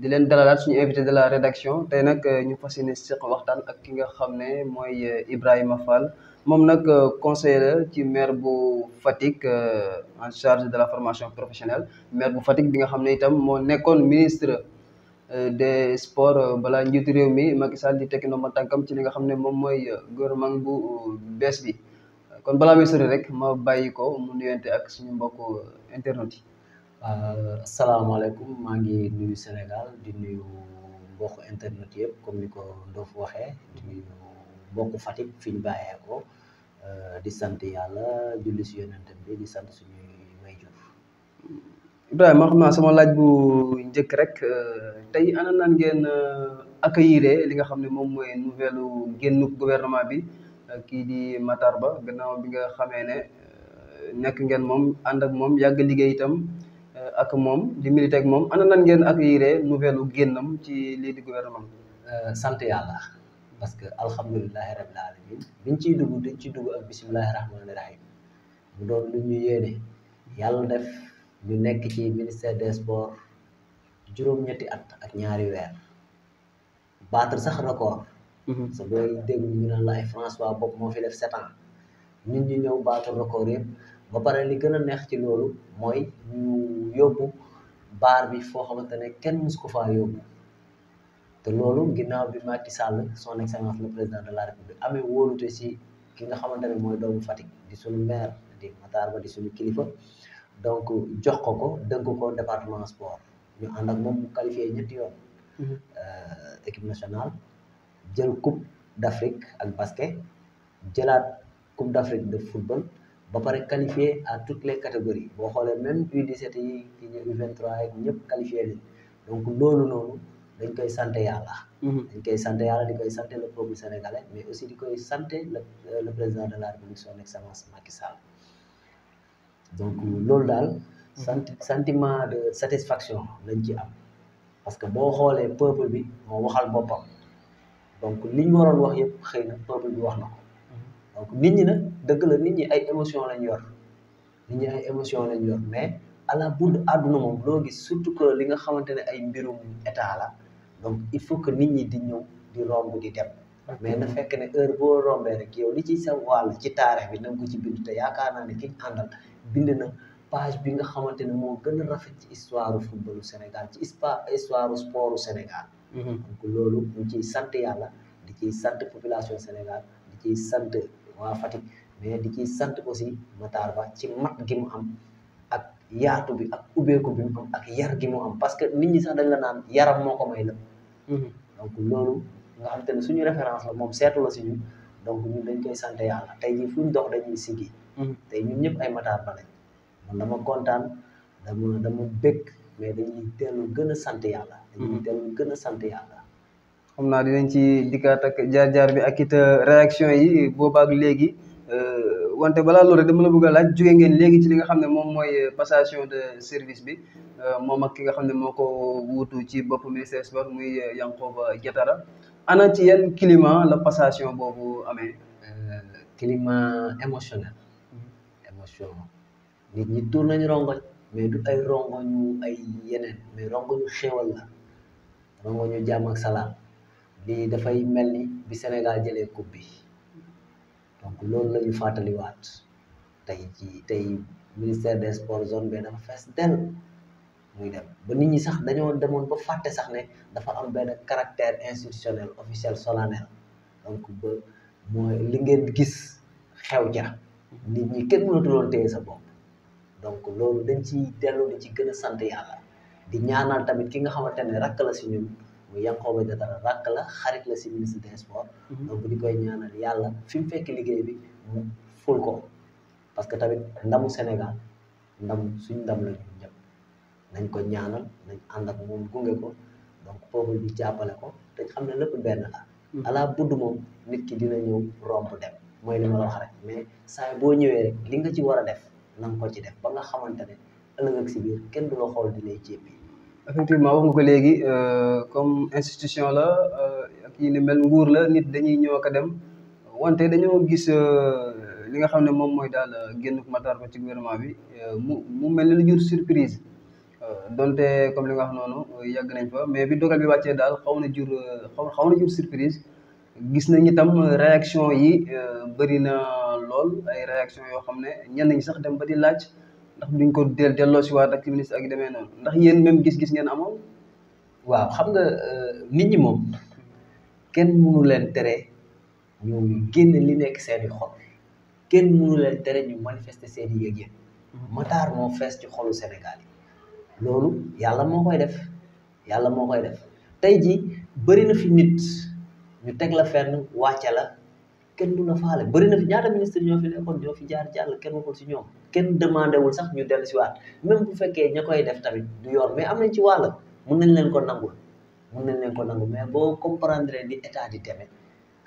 di leen dalalaat suñu invité de la rédaction tey nag euh, ñu fas yéene seq waxtaan ak ki nga xam ne mooy euh, Ibrahima Fall moom nag euh, conseiller ci maire bu Fatick en charge de la formation professionnelle maire bu Fatick bi nga xam ne itam moo nekkoon ministre des sports balaa njiitu réew mi Macky Sall di tekki ma tànkam ci li nga xam ne moom mooy gouvernement bu bees bi kon bala muy rek ma bàyyi ko mu nuyonte ak suñu mbokk internet Euh, asalaamaaleykum maa ngi nuyu Sénégal di nuyu mbokku internet yëpp comme ni ko Ndof waxee di nuyu mbokku Fatick fi ñu bàyyeekoo euh, di sant yàlla julli si yonentam bi di sant suñuy waajur. Ibrahima xam naa sama laaj bu njëkk rek euh, tey ana naan ngeen accueillir li nga xam ne moom mooy nouvelle génnu gouvernement bi kii di Matar Ba gannaaw bi nga xamee ne nekk ngeen moom ànd moom yàgg liggéey itam. Euh, ak moom di militer moom ana nan ngeen accueillir nouvelle u génnam ci lii di gouvernement bi. Euh, sant yàlla parce que alhamdulilahi rabil alamin biñ ciy dugg dañ ciy dugg ak bisimilahi rahmaani rahim mu doon lu ñu yéene def ñu nekk ci ministère des sports juróom-ñetti at ak ñaari weer battre sax record. sa mhm. booy dégg ñu naan la ay François Bopp moo fi def sept ans. nit ñi ñëw battre record yëpp. ba pare li gën a neex ci loolu mooy ñu yóbbu baar bi foo xamante ne kenn mus ko faa yóbbu te loolu ginnaaw bi Macky Sall son excellence le président de la si ki nga xamante ne mooy doomu Fatick di suñu maire di Matar Ba di suñu kilifa donc jox ko ko dënk ko département sport ñu ànd ak moom mu qualifié ñetti yoon. Mhm. Euh, équipe nationale jël coupe d' ak basket jëlaat coupe d' Afrique de football. ba pare qualifié à toutes les catégories boo xoolee même u di yi ki U23 yeeg ñëpp qualifié nañ donc loolu noonu dañ koy sant yàlla. Mhm. dañ koy sant yàlla di koy sant mais aussi di koy sant le le président de la république son excellence Macky Sall donc loolu daal. Mhm. sant sentiment de satisfaction lañ ci am parce que boo xoolee peuple bi moo waxal boppam donc liñ waroon wax yëpp xëy na peuple bi wax na donc nit ñi nag dëgg la nit ñi ay émotion lañ yor nit ñi ay yor mais ala budd àdduna moom loo gis surtout que li nga xamante ne ay mbirum état la donc il faut que nit ñi di ñëw di romb di dem mais na fekk ne heure boo rombee rek yow li ci sa wàll ci taarix bi na ko ci bind te yaakaar naa ne ki ñu bind na page bi nga xamante ne moo gën a rafet ci histoire footballu Sénégal ci histoire sportu Sénégal mhm. donc loolu ñu ciy sant yàlla di ci sant population Sénégal di sant waa Fatick mais di ci sant aussi Matar Ba ci mat gi mu am ak yaatu bi ak ubbeeku bi mu ak yar gi mu am parce que nit ñi sax dañ la naan yaram moo ko may la mhm. donc loolu nga xam te ne suñu référence la moom seetu la si ñun donc ñun dañ koy sant yàlla tey jii fu ñu dox dañuy sigi mhm. tey ñun ñëpp ay Matar Ba lañ man dama kontaan dama dama bëgg mais dañuy teelu gën a sant yàlla mhm. dañuy teelu gën a sant yàlla xam naa di nañ ci dikkaat ak jaar-jaar bi ak it euh, réaction yi boobaak léegi euh, wante balaa loolu dama la bëgg a laaj jóge ngeen léegi ci li nga xam ne moom mooy euh, passation de service bi moom ak ki nga xam ne moo ko wuutu ci bopp ministère sport muy Yankhoba Diattara ana ci yan climat la passation boobu amee. climat émotionnel. Mm-hmm. émotion nit ñi tuur nañu rongoñ mais du ay rongoñu ay yeneen mais rongoñu xéewal la rongoñu jàmm ak lii dafay mel ni bi Sénégal jëlee coupe bi donc loolu la fàttaliwaat tey ci tey ministère des sports zone bi dafa fees dell muy dem ba nit ñi sax dañoo demoon ba fàtte sax ne dafa am benn caractère institutionnel officiel solennel donc ba li ngeen gis xew ja nit ñi kenn mënatuloon téye sa bopp donc loolu dañ ci dellu di ci gën a sant yàlla di ñaanal tamit ki nga xamante ne rakk la si ñun mu Yankhoba Diattara rakk la xarit la si ministre des sports mhm. donc ñu koy ñaanal yàlla fi mu fekk liggéey bi ful ko parce que tamit ndamu Sénégal ndam suñ ndam la ñun ñëpp nañ ko ñaanal nañ ànd ak moom gunge ko donc peuple bi jàppale ko te xam ne lépp benn la mhm. ala budd moom nit ki dina ñëw romb dem mooy li ma la rek mais saa boo ñëwee rek li nga ci war a def na nga ko ci def ba nga xamante ne ëllëg ak si biir kenn du la xool di lay jéppi effectivement wax nga ko léegi euh, comme institution la euh, ak yi ni mel nguur la nit dañuy ñëw ak a dem wante dañoo gis euh, li nga xam ne moom mooy daal génn Matar Ba ci gouvernement bi mu mu mel ni lu jur surprise donte comme li nga wax noonu yàgg nañ fa mais bi dogal bi wàccee daal xaw na jur xaw xaw na jur surprise gis nañ itam réaction yi bëri na lool ay réaction yoo xam ne ñenn ñi sax dem ba di laaj. ndax duñ ko del delloo si waat ak ci ministre ak yi demee noonu ndax yéen même gis-gis ngeen amoon. waaw xam nga euh, nit ñi moom kenn mënu leen tere ñu génn li nekk seeni xol kenn mënu leen tere ñu manifester seeni yëg-yëg Matar moo fees ci xolu senegal yi loolu yàlla moo koy def yàlla moo koy def tey ji bëri na fi nit ñu teg la fenn wàcce la kenn du la faale bëri na fi ñaata ministre ñoo fi nekkoon ñoo fi jaar jàll kenn waxul si ñoom kenn demandé wul sax ñu dellu si waat même bu fekkee ña koy def tamit du yoon mais am nañ ci wàll mun nañ leen ko nangul mun nañ leen ko nangul mais boo comprendre ni état di demee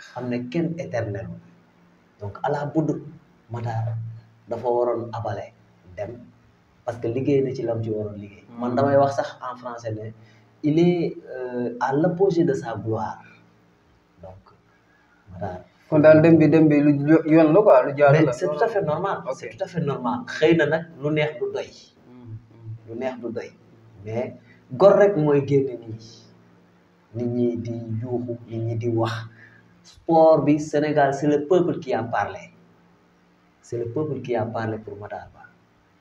xam ne kenn éternel donc ala budd Matar dafa waroon abale dem parce que liggéey na ci lam ci waroon liggéey mm. man damay wax sax en français ne il est euh, à de sa gloire donc Matar kon daal dem bi dem bi lu yoon la quoi lu jaadu la. c'est tout à fait normal c'est tout à fait normal xëy na nag lu neex du doy. Mm, mm. lu neex du doy mais gor rek mooy génne nit ñi nit ñi di yuuxu nit ñi di wax sport bi Sénégal c'est le peuple qui a parlé c'est le peuple qui a parlé pour Matar Ba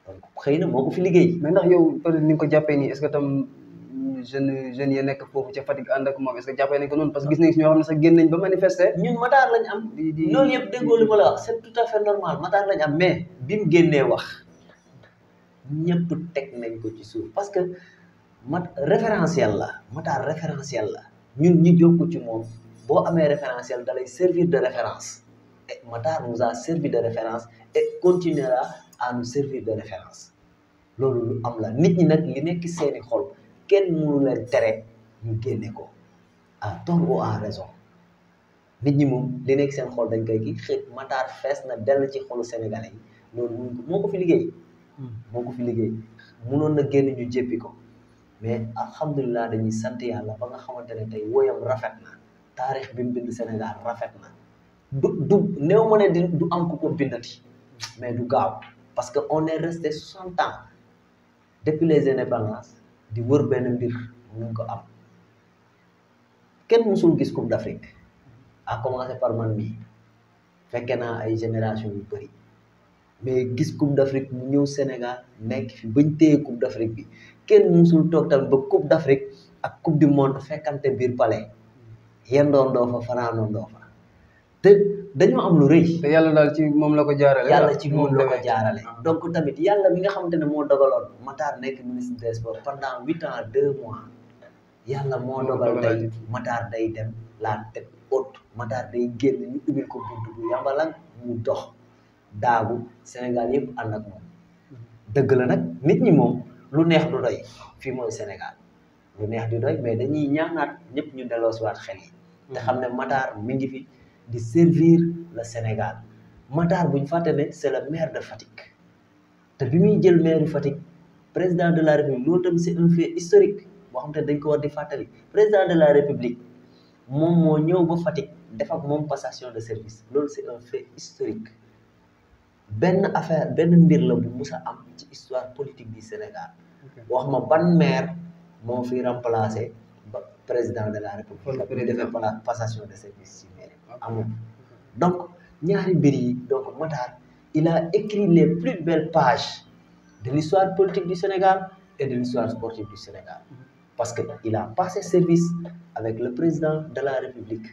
donc xëy na moo ko fi liggéey. mais ndax yow peut que tam. jeune jeunes yi nekk foofu ca Fatick ànd ak moom est-ce que jàppee nañ ko noonu parce que gis nañ si ñoo ne sax génn ba manifester. ñun Matar lañ am. di di loolu yëpp déggoo li ma la bi mu génnee wax ñëpp teg nañ ko ci suuf parce que mat référentiel la Matar référentiel la ñun ñi jokku moom boo amee référentiel da lay servir de référence et Matar nous a servi de référence et continuera à nous servir de référence. loolu lu am la nit ñi nag li nekk seeni xol kenn mënu leen tere ñu génne ko à tort ou à raison nit ñi moom li nekk seen xol dañ koy kii xëy Matar fees na dell ci xolu Sénégalais yi loolu mun ko fi liggéey moo fi liggéey munoon na génn ñu jéppi ko mais alhamdulilah dañuy sant yàlla ba nga xamante ne tey woyam rafet na taarix bi mu bind Sénégal rafet na du du néew ma ne du am ku ko bindati mais du gaaw parce que on est resté soixante ans depuis les indépendances di wër benn mbir mënuñ ko am kenn mësul gis Coupe d'Afrique à commencer par man mii fekke naa ay génération yu bëri mais gis Coupe d'Afrique mu ñëw Sénégal nekk fi bañ téye Coupe d'Afrique bi kenn mësul toog tamit ba Coupe d'Afrique ak Coupe du monde fekkante biir palais yendoon doo fa fanaanoon doo te dañoo am lu rëy. yàlla daal ci moom la ko jaarale. yàlla ci moom la jaarale. donc tamit yàlla mi nga xamante ne moo dogaloon Matar nekk ministre des sports pendant huit de deux mois yàlla moo dogal tey Matar day dem la tête haute Matar day génn ko buntu bu yàmbalang mu dox daagu Sénégal yëpp ànd dëgg la nag nit ñi moom lu neex du doy fii mooy Sénégal lu neex di doy mais dañuy ñaanaat ñëpp ñu delloosiwaat xel yi. te xam ne Matar mi ngi fi. di servir le Sénégal Matar bu ñu fàtte ne est le maire de Fatick te bi muy jël maire Fatick président de la république loolu tamit c' est un fait historique boo xam te dañ ko war di fàttali président de la république moom moo ñëw ba Fatick def ak moom passation de service loolu c' est un fait historique benn affaire benn mbir la bu mus a am ci histoire politique du Sénégal wax ma ban maire moo fi remplacé ba président de la république bi defee de service amul donc ñaari mbir yi donc Matar il a écrit les plus belles pages de l'histoire politique du Sénégal et de l'histoire sportive du Sénégal parce que il a passé service avec le président de la République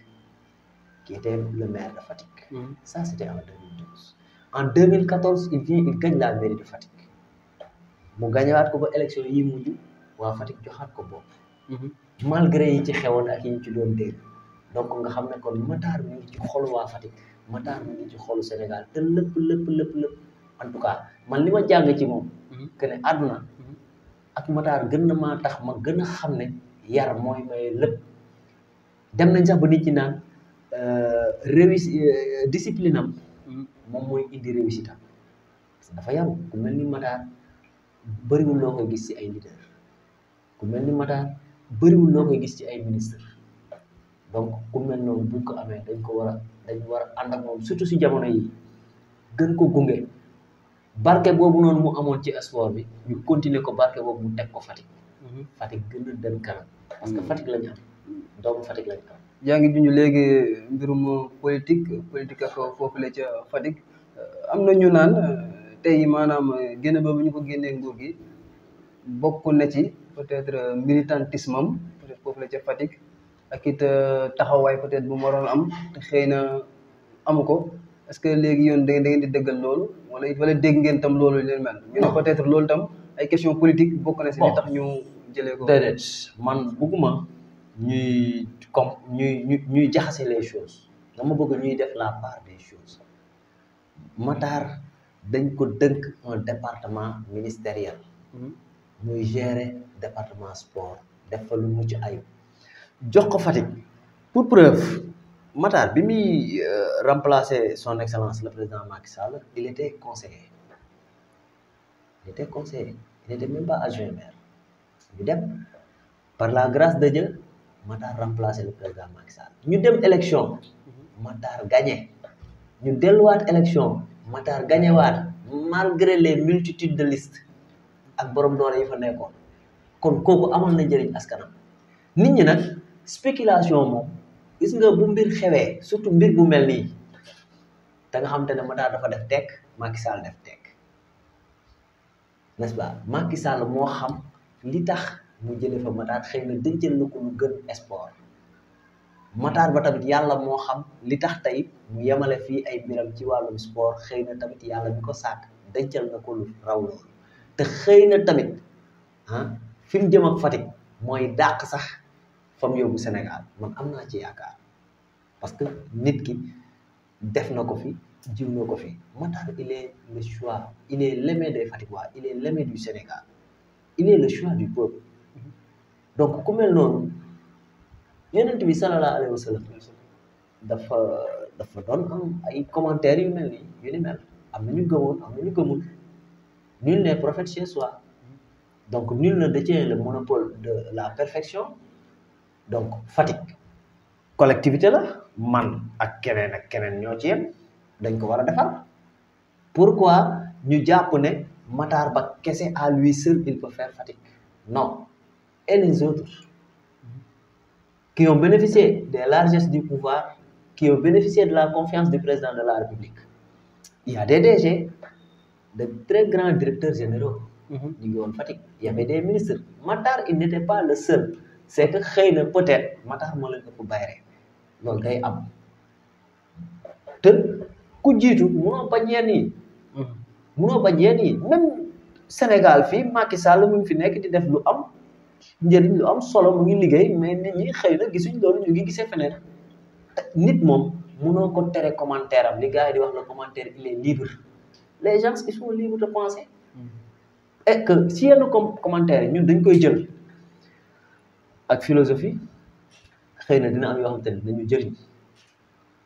qui était le maire de Fatick mmh. ça c'était en 2012 en il vient il gagne la mairie de Fatick mu gañewaat ko ba élection yi mujj waa Fatick joxaat ko bopp mm-hmm. malgré yi ci xewoon ak yi ñu ci doon dégg donc nga xam ne kon Matar mi ngi ci xolu waa Fatick Matar mi ngi ci Sénégal te lépp lépp lépp lépp en tout cas man li ma jàng ci moom. Mhm. que ne àdduna mhm. ak Matar gën na maa tax ma gën a xam ne yaram mooy may lépp dem nañ sax ba nit ñi naan euh, réussite euh, discipline mhm. moom mooy indi réussite dafa yaru ku mel ni Matar bëriwul loo koy gis ci ay leader mel ni Matar bëriwul loo koy gis ci ay ministre donc ku mel noonu buñ ko amee dañ ko war a dañ moom surtout si jamono yi gën ko gunge barke boobu noonu mu amoon ci sport bi ñu continuer ko barke boobu teg ko Fatick. Mhm. Fatick gën dem kanam. parce que mhm. Fatick lañ am doomu Fatick lañ am. yaa ngi junj léegi mbirum politique politique foofu la ca Fatick am na ñu naan tey maanaam génn ba bu ñu ko génnee nguur gi bokk na ci peut-être militantisme am peut-être foofule ca Fatick. ak it euh, taxawaay peut-être bu mu waroon am te xëy na amu ko parce que léegi yoon da ngeen di dëggal loolu wala wala dégg ngeen tam loolu leen mel. ñu ne peut-être loolu tam ay question politique boo na si li tax ñu jëlee ko. déedéet man bëgguma ñuy comme ñuy ñuy jaxase les choses dama bëgg ñuy def la part des choses Matar dañ ko dënk un département ministériel. Mhm. muy gérer département sport def fa lu mucc ayib. jox ko Fatick pour preuve Matar bi muy euh, remplacer son excellence le président Macky Sall il était conseiller il était conseiller il était même pas adjoint maire ñu dem par la grâce de Dieu Matar remplacer le président Macky Sall ñu dem élection Matar gagné ñu delluwaat élection Matar gagné waat malgré les multitudes de listes ak borom doole yi fa nekkoon kon kooku amoon na njëriñ askanam nit ñi nag. spéculation moom gis nga bu mbir xewee surtout mbir bu mel nii te nga xam te ne Matar dafa def tekk Macky Sall def tekk n'est-ce pas moo xam li tax mu jële fa Matar xëy na dencal na ko lu gën sport Matar yàlla moo xam li tax tey mu yemale fii ay mbiram ci wàllum sport xëy na tamit yàlla mi ko sàkk dencal na ko lu raw loolu te xëy na tamit ah fi mu jëm ak Fatick mooy dàq sax fa mu yóbbu Sénégal man am naa ci yaakaar parce que nit ki def na ko fi jiw na ko fi Matar il est le choix il est l'aimé des Fatickois il est l'aimé du Sénégal il est le choix du peuple donc ku mel noonu yonent bi sallallahu alayhi wa sallam dafa dafa doon am ay commentaires yu mel nii yu ni mel am na ñu gëmul nul n'est prophète chez soi donc nul ne détient le monopole de la perfection donc Fatick collectivité la man ak keneen ak keneen ñoo ci yem dañ ko war a defar pourquoi ñu jàpp ne Matar Ba kese à lui seul il peut faire Fatick non et les autres qui ont bénéficié des largesses du pouvoir qui ont bénéficié de la confiance du président de la République il y a des de très grands directeurs généraux mm-hmm. ñu ngi woon Fatick il y avait des ministres Matar il n'était pas le seul c'est que xëy na peut-être Matar moo leen ëpp bayre loolu day am te ku jiitu munoo bañ yenni yi munoo bañ yenn yi Sénégal fii Macky Sall mu ngi fi nekk di def lu am njëriñ lu am solo mu ngi liggéey mais nit xëy na gisuñ loolu ñu ngi gisee feneen nit moom munoo ko tere commentaire am li gars yi di wax le commentaire il est libre les gens ils sont libres de penser et que si yenn commentaire yi ñun dañ koy jël ak philosophie xëy na dina am yoo xam jëriñ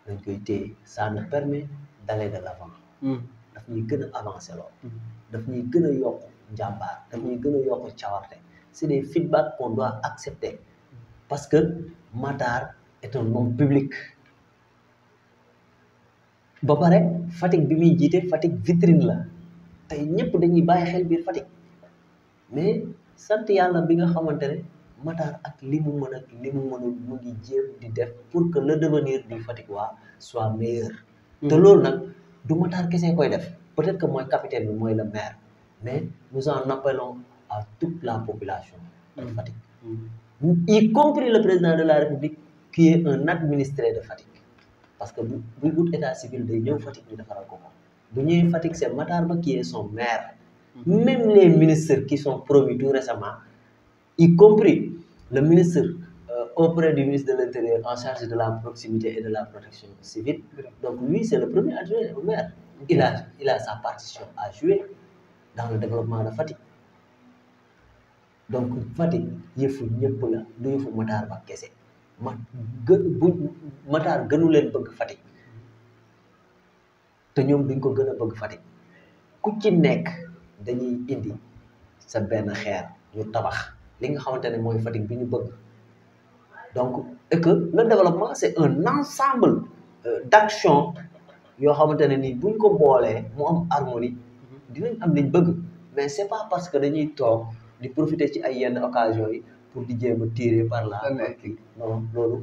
dañ koy téye ça nous permet d'aller de l'avant hmm. daf ñuy gën a avancé lool hmm. daf ñuy gën a yokk njàmbaar daf ñuy gën a yokk cawarte c'est des feedbacks qu'on doit accepter parce que Matar est un homme public ba pare Fatick bi muy jiite Fatick vitrine la tey ñëpp dañuy bàyyi xel biir Fatick mais sant yàlla bi nga xamante ne Matar ak li mu mën ak li mu mënul mu ngi jéem di def pour que le devenir du Fatick waa soit meilleur. Mm-hmm. te loolu nag du Matar kese koy def peut-être que mooy capitaine bi mooy le maire mais nous en appelons a toute la population de mm-hmm. Fatick. Mm-hmm. y compris le président de la République qui est un administré de Fatick parce que bu buy wut état civil day ñëw Fatick ñu defaral ko ko bu ñëwee Fatick c'est Matar Ba qui est son maire. même les ministres qui sont promus tout récemment. y compris le ministre euh, auprès du ministre de l'Intérieur en charge de la proximité et de la protection civile. Donc lui, c'est le premier adjoint au maire. Il a, il a sa partition à jouer dans le développement de Fatick. donc Fatick yëfu ñëpp la du yëfu Matar Ba kese ma gë gënu leen bëgg Fatick te ñoom duñ ko gën a bëgg Fatick ku ci nekk dañuy indi sa benn xeer ñu tabax li nga xamante ne mooy Fatick bi ñu bëgg donc et que le développement c'est un ensemble euh, daction yoo xamante ne nii buñ ko boolee moo am harmonie dinañ am liñ bëgg mais c'est pas parce que dañuy toog di profiter ci ay yenn occasion yi pour di jéem a tirer par là ah, non loolu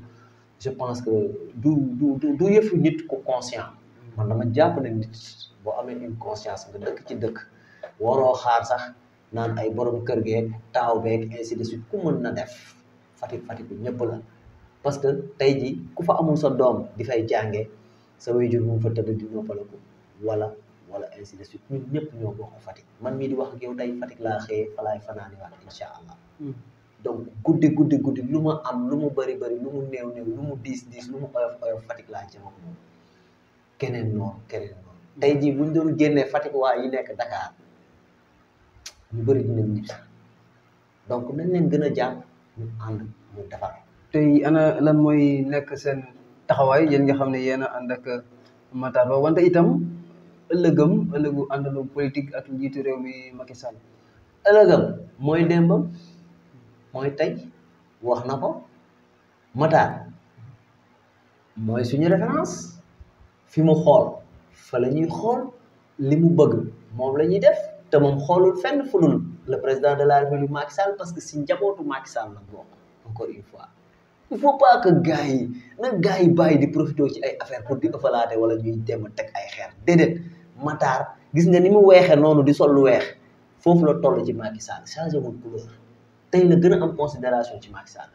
je pense que du du du du yëfu nit ko conscient man dama jàpp na nit boo amee une conscience nga dëkk ci dëkk waroo xaar sax naan ay borom kër geeg taaw beeg ainsi de suite ku mën na def Fatick Fatick bi ñëpp la parce que tey ji ku fa amul sa doom di fay jànge sa waajur moom fa tëdd di noppalaku wala wala ainsi de suite ñun ñëpp ñoo bokk Fatick man mii di wax ak yow tey Fatick laa xëyee fa fanaani waat incha allah hmm. donc guddi guddi guddi lu mu am lu mu bëri bari lu mu néew néew lu mu diis diis lu mu oyof oyof laa jëm ak moom keneen noonu hmm. tey ji buñ doon génne Fatick waa yi nekk Dakar ñu bëri dinañ ñib sax donc nañ leen gën a jàpp ñu ànd ñu defar. tey ana lan mooy nekk seen taxawaay yéen nga xam ne yéen a ànd ak Matar Ba wante itam ëllëgam ëllëgu àndalu politique ak njiitu réew mi Macky Sall. ëllëgam mooy démbam mooy tey wax na ko Matar mooy suñu référence fi mu xool fa lañuy ñuy xool li mu bëgg moom la ñuy def. te moom xoolul fenn fulul le président de la république Macky Sall parce que si njabootu Macky Sall la bokk encore une fois il faut pas que gars yi na yi bàyyi di profité ci ay affaire pour di ëffalaate wala ñuy dem a teg ay xeer déedéet Matar gis nga ni mu weexee noonu di sol lu weex foofu la toll ci Macky Sall changé wul couleur tey la gën a am considération ci Macky Sall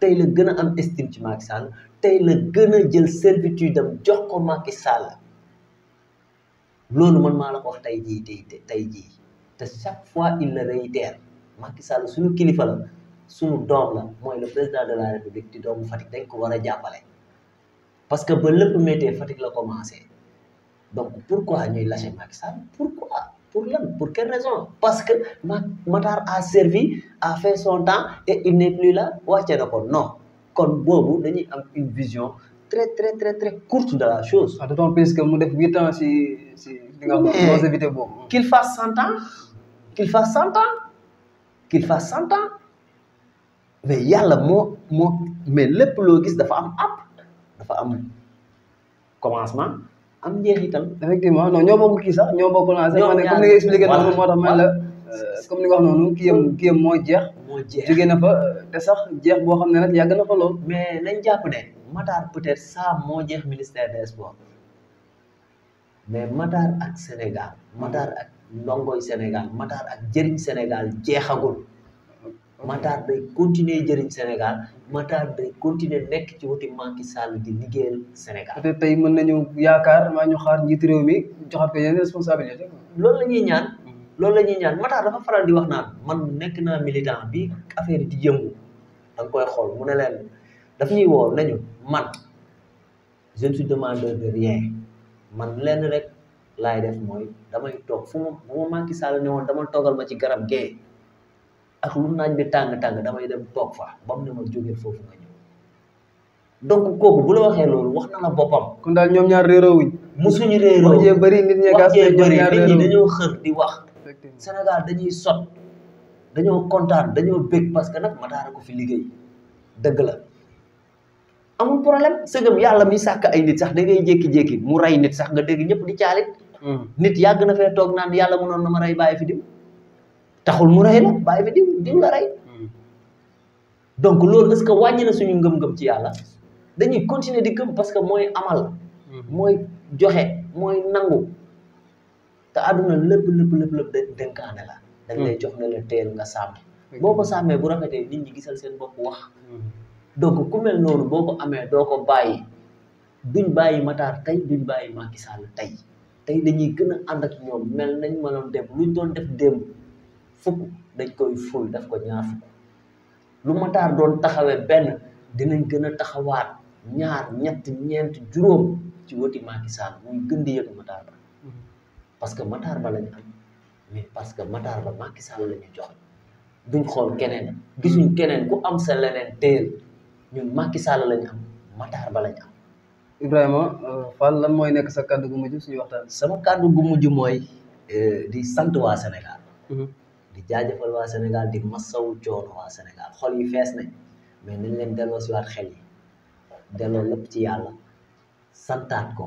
tey la gën a am estime ci Macky Sall tey la gën a jël servitude am jox ko Macky Sall loolu man maa ko tey jii tey tey jii. te chaque fois il le réitère Macky Sall suñu kilifa la suñu doom la mooy le président de la république di doomu Fatick dañ ko war a jàppale parce que ba lépp méttee Fatick la commencé donc pourquoi ñuy lâcher Macky Sall pourquoi pour lan pour quelle raison parce que ma Matar a servi a fait son temps et il n'est plus là wàcce na ko non kon boobu dañuy am une vision très très très très de la chose. ah d'autant plus que mu def huit si li nga qu'il fasse cent ans. qu'il fasse cent ans qu'il mais yàlla moo mais lépp loo gis dafa am app dafa am commencement am njeexital. effectivement non ñoo bokk kii sax ñoo bokk naa. ñoo comme ni nga expliqué noonu moo tax euh, comme ni nga wax noonu kii yam moo jeex. moo jeex jóge euh, te sax jeex boo xam ne nag yàgg na fa lool. mais nañ jàpp ne Matar peut-être moo jeex ministère des sports mais Matar ak Sénégal ndongoy Sénégal Matar ak jëriñ Sénégal jeexagul Matar day continuer jëriñ Sénégal Matar day continuer nekk ci wuti Macky Sall di liggéeyal Sénégal. a être tey mën nañu yaakaar ma ñu xaar njiitu réew mi joxaat ko yenn responsabilité. loolu la ñuy ñaan loolu la dafa faral di wax naan man nekk naa militant bi affaire di yëngu da koy xool mu ne leen daf ñuy woo nañu man je ne suis demandeur de rien man lenn rek. laay def mooy damay toog fu ma bu ma Macky ne woon dama toogal ma ci garab gee ak lu naaj bi tàng-tàng damay dem toog fa ba mu ne ma jógee foofu nga ñëw donc kooku bu la waxee loolu wax na boppam. ku daal ñoom ñaar réeroo wuñ. mu réeroo wax jee bëri nit ñi gas nit ñi dañoo xër di wax. Sénégal dañuy sot dañoo kontaan dañoo bég parce que nag Matar ko fi liggéey dëgg la. amul problème sëgëm yàlla mi sàkk ay nit sax dangay ngay jékki mu rey nit sax nga dégg ñëpp di caalit nit yàgg na fee toog naan yàlla mënoon na ma rey bàyyi fi diw taxul mu rey la bàyyi fi diw diw la rey donc loolu est-ce que wàññi suñu ngëm-ngëm ci yàlla dañuy continuer di gëm parce que mooy amal mooy joxe mooy nangu te àdduna lépp lépp lépp la dañ lay jox ne la teel nga sàmm boo ko sàmmee bu rafetee nit ñi gisal seen bopp wax donc ku mel noonu boo ko amee doo ko bàyyi duñ bàyyi Matar tey duñ bàyyi Macky Sall tey tey dañuy gën a ànd ak ñoom mel nañ mënoon def luñ doon def démb fukk dañ koy ful def ko ñaar fukk lu Matar doon taxawee benn dinañ gën a taxawaat ñaar ñett ñeent juróom ci woti Macky Sall muy gën di yëg Matar Ba parce que Matar Ba lañ am mais parce que Matar Ba Macky Sall la ñu joxe duñ xool keneen gisuñ keneen ku am sa leneen ñun Macky Sall lañ am Matar Ba lañ am Ibrahima euh, Fall lan mooy nekk sa kàddu gu mujj suñu waxtaan. sama kàddu gu mujj mooy euh, di sant waa Sénégal. Mhm. di jaajëfal waa Sénégal di masawu coono waa Sénégal xol yi fees nañ mais nañ leen delloo si waat xel yi delloo lépp ci yàlla santaat ko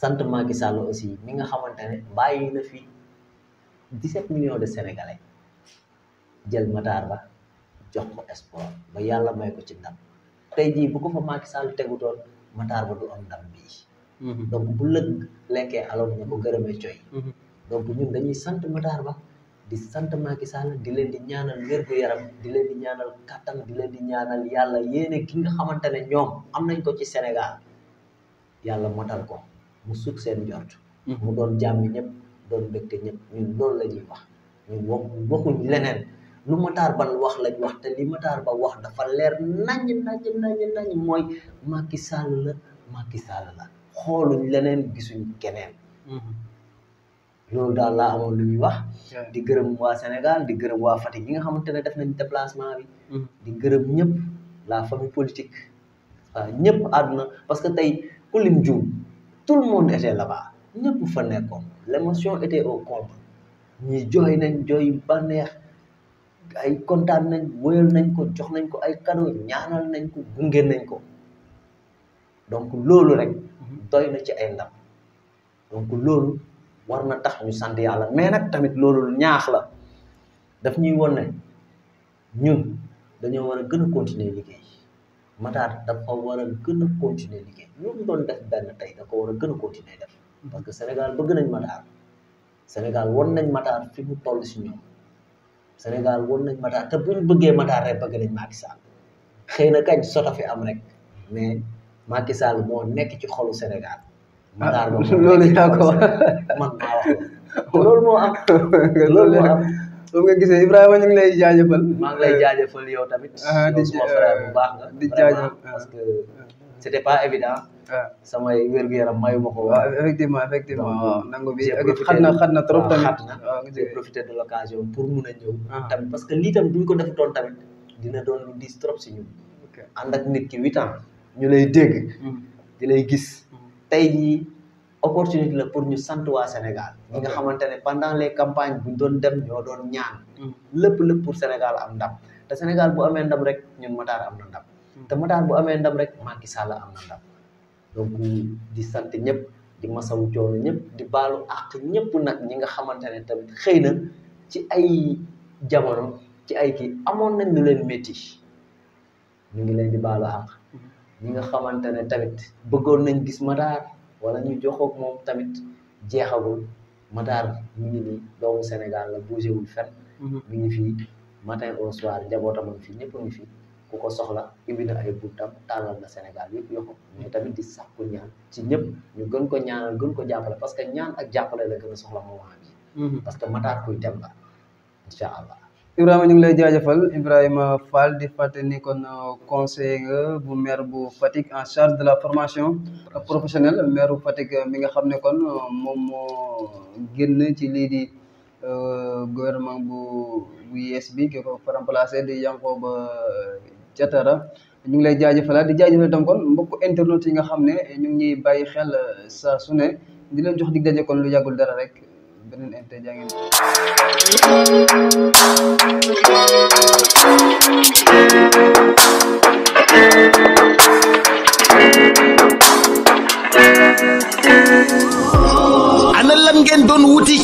sant Macky Sall aussi mi nga xamante ne bàyyi na fi 17 millions de sénégalais jël Matar Ba jox ko espoir ba yàlla may ko ci ndam tey jii bu ko fa Macky Sall tegutoon. Matar Ba du am ndam bii. Mhm. donc bu lëg lekkee aloom ña ko gërëmee coy. Mhm. donc ñun dañuy sant Matar Ba di sant Macky Sall di leen di ñaanal wérgu yaram di leen di ñaanal kattan di leen di ñaanal yàlla yéene ki nga xamante ñoom am nañ ko ci senegal yàlla motal ko mu sut seen jort. Mhm. mu doon jàmm ñëpp doon dëkk ñëpp ñun loolu la ñuy wax ñun waxuñ leneen. lu Matar Ba wax lañ wax te li Matar Ba wax dafa leer naññ naññ naññ naññ mooy Macky Sall la Macky Sall la xoolu leneen gisuñ keneen. Mm-hmm. loolu daal laa amoon lu ñuy wax. di gërëm waa Sénégal di gërëm waa Fatick yi nga xamante ne def nañ déplacement bi. Mm-hmm. di gërëm ñëpp la famille politique. waaw ñëpp àdduna parce que tey ku lim juum tout monde était là-bas ñëpp fa nekkoon l'émotion était au comble ñi jooy nañ jooy bànneex ay kontaan nañ wóyal nañ ko jox nañ ko ay cadeau ñaanal nañ ko gunge nañ ko donc loolu rek doy na ci ay ndam donc loolu war na tax ñu sant yàlla mais nag tamit loolu ñaax la daf ñuy won ne ñun dañoo war a gën a continuer liggéey Matar dafa war a gën a continuer liggéey loolu doon def benn tey da ko war a gën a continuer def parce que Sénégal bëgg nañ Matar Sénégal won nañ Matar fi mu toll si ñoom Sénégal woon nañ Matar te buñ bëggee Matar rek bëgg nañ Macky Sall xëy na kañ soto fi am rek mais Macky Sall nekk ci xolu Sénégal. Ah, Matar ba loolu yaa ko man maa wax loolu moo am. loolu moo am boobu nga gisee Ibrahima ñu ngi lay jaajëfal. maa ngi lay euh, jaajëfal yow tamit. Ah, di suma frère bu baax nga. di jaajëfal parce euh. que c'était pas évident. sama wér-gu-yaram mayu ma ko. waaw effectivement effectivement waaw nangu bi xat na xat na trop tamit xat na nga profité de l'occasion pour mun a ñëw. Ah. tamit parce que lii tam bu ñu ko defutoon tamit dina doon lu diis trop si ñun. ànd nit ki huit ans ñu lay dégg. Hmm. di gis. Hmm. tey jii opportunité la pour ñu sant waa Sénégal. ñi nga xamante ne pendant les campagne bu ñu doon dem ñoo doon ñaan. Hmm. lépp lëpp pour Sénégal am ndam te Sénégal bu amee ndam rek ñun Matar am na ndam. te Matar bu amee ndam rek Macky Sall donc di sant ñëpp di masawu coono ñëpp di baalu àq ñëpp nag ñi nga xamante ne tamit xëy na ci ay jamono ci ay kii amoon nañ lu leen métti ñu ngi leen di baalu àq ñi nga xamante ne tamit bëggoon nañ gis Matar wala ñu joxoog moom tamit jeexagul Matar mi ngi nii doomu Sénégal la bougé wul fen mhm. mi ngi fii matin au soir njabootam fi ñëpp ngi fi ku ko soxla ubbi na ay buntam tàllal na Sénégal yëpp yokku mais tamit di sàkku ñaan ci ñëpp ñu gën ko ñaanal gën ko jàppale parce que ñaan ak jàppale la gën a soxla moment bi mhm. parce que mataar kuy dem la incha allah Ibrahima ñu lay jaajëfal Ibrahima Fall di fàttali kon euh, conseiller bu maire bu Fatick en charge de la formation professionnelle maire bu Fatick euh, mi nga xam ne kon euh, moom moo génn ci lii di gouvernement bu yees bi ki ko remplacé di Yankhoba ca tara ñu ngi lay jaajëfalaat di jaajëfal itam kon mbokku internet yi nga xam ne ñu ngi ñuy bàyyi xel euh, sa su ne di jox dig daje kon lu yàggul dara rek beneen inter jaa ngeen